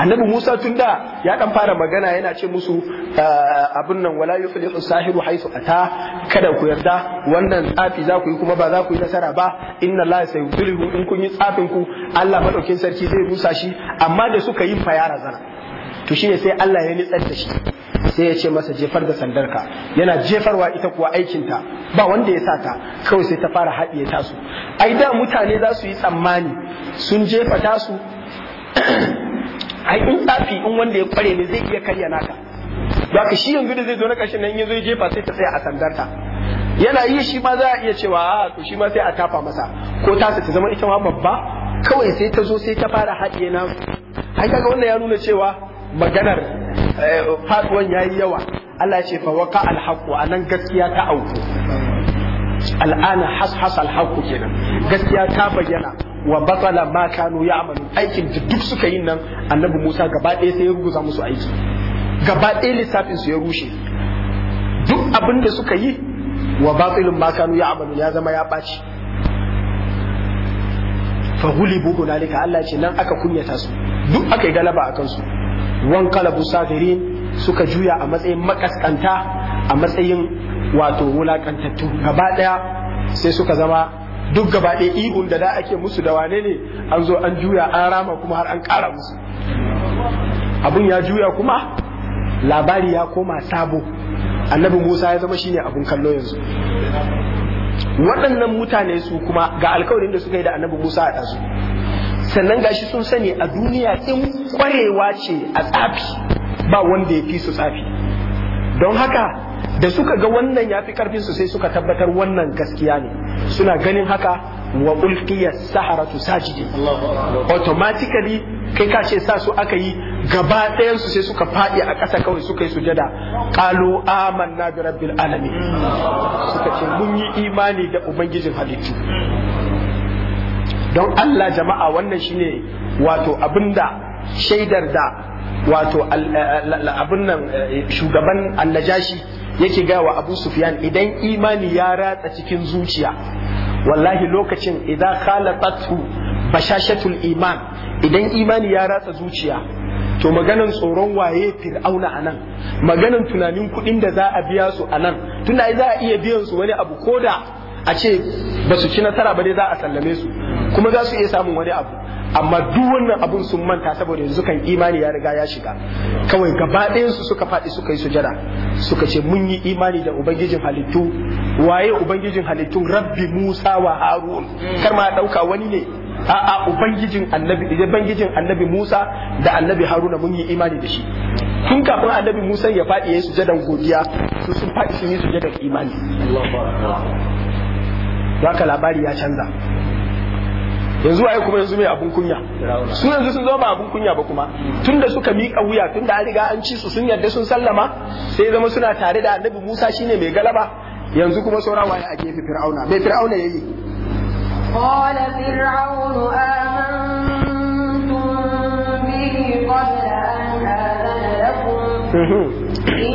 annabi Musa tun da ya dan fara magana yana ce musu ah, abin nan wala yuflihu sahiru a ta kada ku yarda wannan tsafi za ku yi kuma ba za ku yi nasara ba inna sai sayudrihu in kun yi tsafin ku Allah maɗaukin sarki zai rusa shi amma da suka yi fa yara razana to ne sai Allah ya nitsar da shi sai ya ce masa jefar da sandarka yana jefarwa ita kuwa aikinta ba wanda ya sa ta kawai sai ta fara haɗiye tasu ai da mutane za su yi tsammani sun jefa tasu ai in tsafi in wanda ya kware ne zai iya karya naka ba ka shi yanzu da zai zo na ƙarshen nan yanzu ya jefa sai ta tsaya a sandarta yana yi shi ma za a iya cewa a ah, to shi ma sai a tafa masa ko tasa ta zama ita ma babba kawai sai ta zo sai ta fara haɗiye na ai kaga wannan ya nuna cewa maganar eh, faduwan yi yawa Allah ya ce fa waka alhaqu anan gaskiya ta auku al'ana hashas alhaqu kenan gaskiya ta bayyana wa batala ma kanu ya'malu aikin da duk suka yi nan annabi Musa gaba ɗaya sai ya ruguza musu aiki gaba ɗaya lissafin su ya rushe duk abin da suka yi wa batilun ma kanu ya'malu ya zama ya ɓaci fa na hunalika Allah ce nan aka kunyata su duk aka yi galaba akan su wan kalabu safirin suka juya a matsayin makaskanta a matsayin wato wulakantattu gaba ɗaya sai suka zama duk gaba ɗaya ihun da da ake musu da wane ne an zo an juya an rama kuma har an ƙara musu abun ya juya kuma labari ya koma sabo annabi musa ya zama shine abun kallo yanzu waɗannan mutane su kuma ga alkawarin da suka yi da annabi musa a ɗazu sannan ga shi sun sani a duniya in kwarewa ce a tsafi ba wanda ya fi su tsafi don haka da suka ga wannan ya fi karfin su sai suka tabbatar wannan gaskiya ne suna ganin haka wa ulqiyas saharatu sajidi automatically kai ka ce sa su aka yi gaba ɗayan su sai suka faɗi a ƙasa kawai suka yi sujada qalu amanna bi rabbil alamin suka ce mun yi imani da ubangijin halittu don Allah jama'a wannan shine wato abinda shaidar da wato eh, eh, abin nan eh, shugaban annajashi yake gaya wa abu sufyan idan imani ya ratsa cikin zuciya wallahi lokacin idan khalatathu bashashatul iman idan imani ya ratsa zuciya to maganan tsoron waye fir'auna anan? maganan tunanin kuɗin da za a biya su anan? tunda za a iya biyan su wani abu ko da a ce ba su ci nasara ba dai za a sallame su kuma za su iya samun wani abu amma duk wannan abun sun manta saboda yanzu kan imani ya riga ya shiga kawai gaba su suka faɗi suka yi sujada suka ce mun yi imani da ubangijin halittu waye ubangijin halittun rabbi musa wa harun kar ma ɗauka wani ne a'a ubangijin annabi ubangijin annabi musa da annabi haruna mun yi imani da shi tun kafin annabi musa ya faɗi ya yi sujadan godiya su sun faɗi sun yi sujadan imani zaka labari ya canza yanzu waye kuma yanzu mai abun kunya su yanzu sun zama abun kunya ba kuma tunda suka miƙa wuya tunda an riga an ci su sun yarda sun sallama sai zama suna tare da annabi Musa shine mai galaba yanzu kuma saura waye a gefe Fir'auna mai Fir'auna yayi qala fir'aunu amantum bi قبل an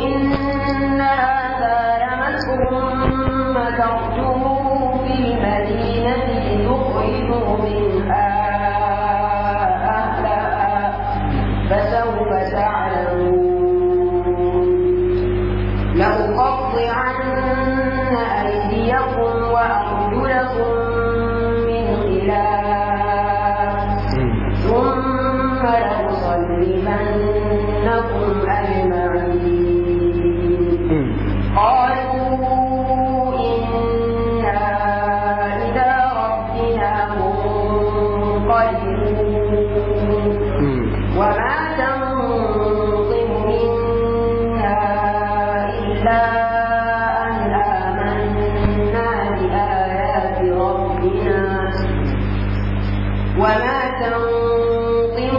وما تنظر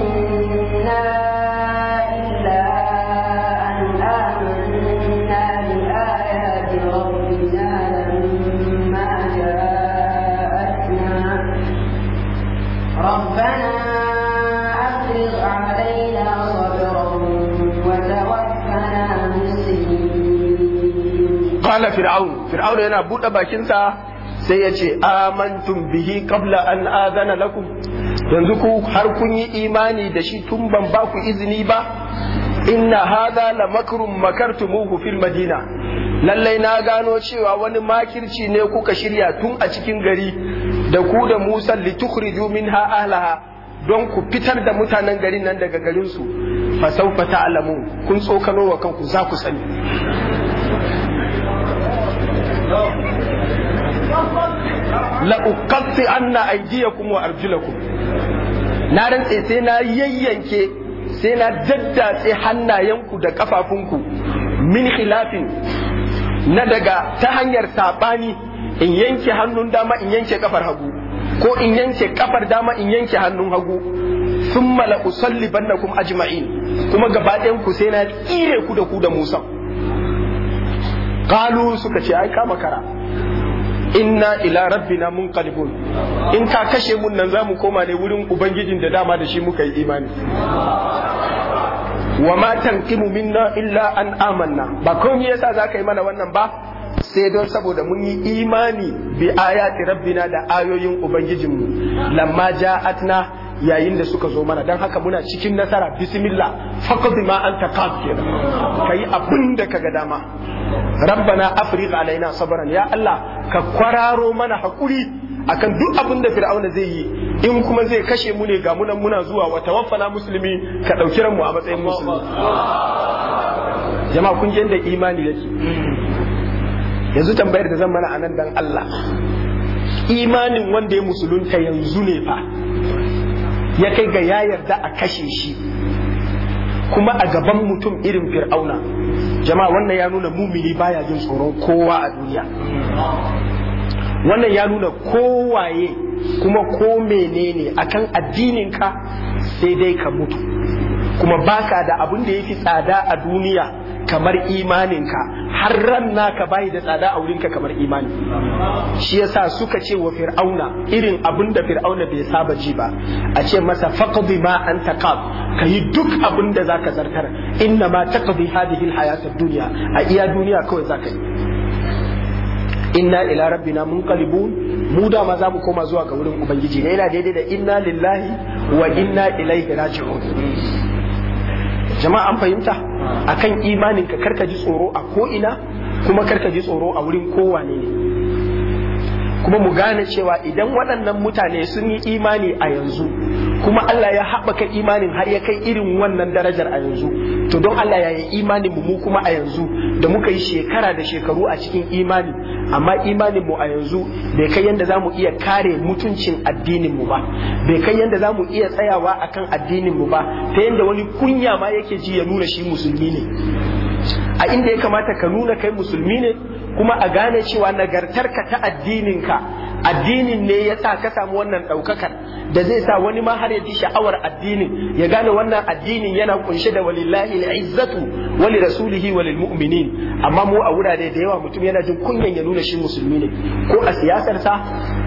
منا إلا أن آمنا بآيات ربنا لما جاءتنا ربنا أفرغ علينا صبرا وتوفنا مسلمين قال فرعون فرعون هنا بود باكنسا sai ya ce amantum bihi qabla an adana lakum yanzu ku har kun yi imani da shi tun ban ba ku izini ba inna hadha la makrun makartumuhu fil madina lallai na gano cewa wani makirci ne kuka shirya tun a cikin gari da ku da Musa litukhriju minha ahlaha don ku fitar da mutanen garin nan daga garin su fa sawfa ta'lamu kun tsokano wa kanku za ku sani na anna aidiyakum wa arjulakum na rantse sai na yayyanke sai na daddatse hannayenku da kafafunku min khilafin na daga ta hanyar sabani in yanke hannun dama in yanke kafar hagu ko in yanke kafar dama in yanke hannun hagu thumma la bannakum ajma'in kuma gaba ku sai na tsire ku da ku da Musa qalu suka ce ai kama kara inna ila rabbina munqalibun in ka kashe mun nan zamu koma ne wurin ubangijin da dama da shi muka yi imani wa ma tanqimu minna illa an amanna ba me yasa zaka yi mana wannan ba sai don saboda mun yi imani bi ayati rabbina da ayoyin ubangijin mu lamma ja'atna yayin da suka zo mana don haka muna cikin nasara bismillah faqad ma anta qadir Ka kai abin da kaga dama rabbana afrigh alaina sabran ya Allah ka kwararo mana hakuri akan duk abin da fir'auna zai yi in kuma zai kashe mu ne ga munan muna zuwa wa tawaffana musulmi ka dauki ranmu a matsayin musulmi jama'a kun ji yadda imani yake yanzu tambayar da zan mana anan dan Allah imanin wanda ya musulunta yanzu ne fa ya kai ga ya yarda a kashe shi kuma a gaban mutum irin fir'auna jama'a wannan ya nuna mumini baya jin tsoron kowa a duniya wannan ya nuna kowaye kuma ko menene akan addinin ka sai dai ka mutu kuma baka da abin da yafi tsada a duniya kamar imaninka har ran naka bai da tsada a wurinka kamar imani shi yasa suka ce wa fir'auna irin abin da fir'auna bai saba ji ba a ce masa faqdi ma anta qad kayi duk abin da zaka zartar inna ma taqdi hadhihi alhayatad dunya a iya duniya kawai zaka yi inna ila rabbina munqalibun mu da ma za mu koma zuwa ga wurin ubangiji ne yana daidai da inna lillahi wa inna ilaihi raji'un jama'a an fahimta akan imanin ka karka ji tsoro a ko ina kuma karka ji tsoro a wurin kowane ne kuma mu gane cewa idan waɗannan mutane sun yi imani a yanzu kuma Allah ya haɓaka imanin har ya kai irin wannan darajar a yanzu to don Allah ya yi imanin mu kuma a yanzu da muka yi shekara da shekaru a cikin imani amma imanin mu a yanzu bai kai yanda zamu iya kare mutuncin addinin mu ba bai kai yanda mu iya tsayawa akan addinin mu ba ta yanda wani kunya ma yake ji ya nuna shi musulmi ne a inda ya kamata ka nuna kai musulmi ne kuma a gane cewa nagartarka ta addininka addinin ne ya sa ka samu wannan ɗaukakar da zai sa wani ma har ya ji sha'awar addinin ya gane wannan addinin yana kunshe da walillahi izzatu li rasulihi walil mu'minin amma mu a wurare da yawa mutum yana jin kunyan ya nuna shi musulmi ne ko a siyasarsa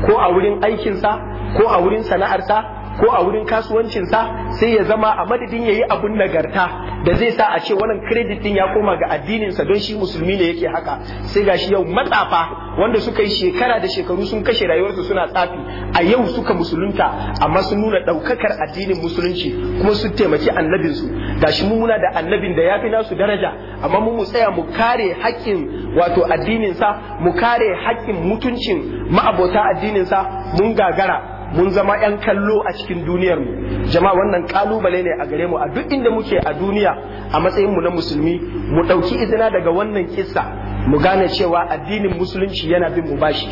ko a wurin aikinsa ko a wurin sana'arsa ko a wurin kasuwancinsa sai ya zama a madadin ya yi abun nagarta da zai sa a ce wannan credit din ya koma ga addininsa don shi musulmi ne yake haka sai gashi yau matsafa wanda suka yi shekara da shekaru sun kashe rayuwarsu suna tsafi a yau suka musulunta amma sun nuna ɗaukakar addinin musulunci kuma su taimaki annabinsu gashi mu muna da annabin da ya fi nasu daraja amma mu mu tsaya mu kare haƙƙin wato addininsa mu kare haƙƙin mutuncin ma'abota addininsa mun gagara mun zama yan kallo a cikin duniyar mu jama'a wannan kalubale ne a gare mu a duk inda muke a duniya a matsayin mu na musulmi mu ɗauki izina daga wannan kissa mu gane cewa addinin musulunci yana bin mu bashi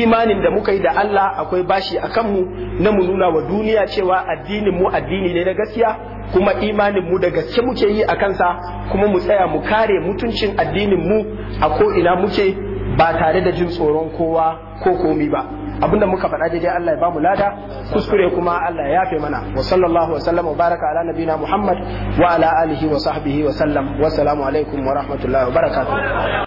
imanin da muka yi da Allah akwai bashi akan mu na mu nuna wa duniya cewa addinin mu addini ne na gaskiya kuma imanin mu da gaske muke yi a kansa kuma mu tsaya mu kare mutuncin addinin mu a ko ina muke ba tare da jin tsoron kowa ko komi ba abinda muka faɗa daidai Allah ya bamu lada kuskure kuma Allah ya yafe mana wa sallallahu wa sallam wa baraka ala nabina Muhammad wa ala alihi wa sahbihi wa sallam wa salamu alaikum wa rahmatullahi wa barakatuh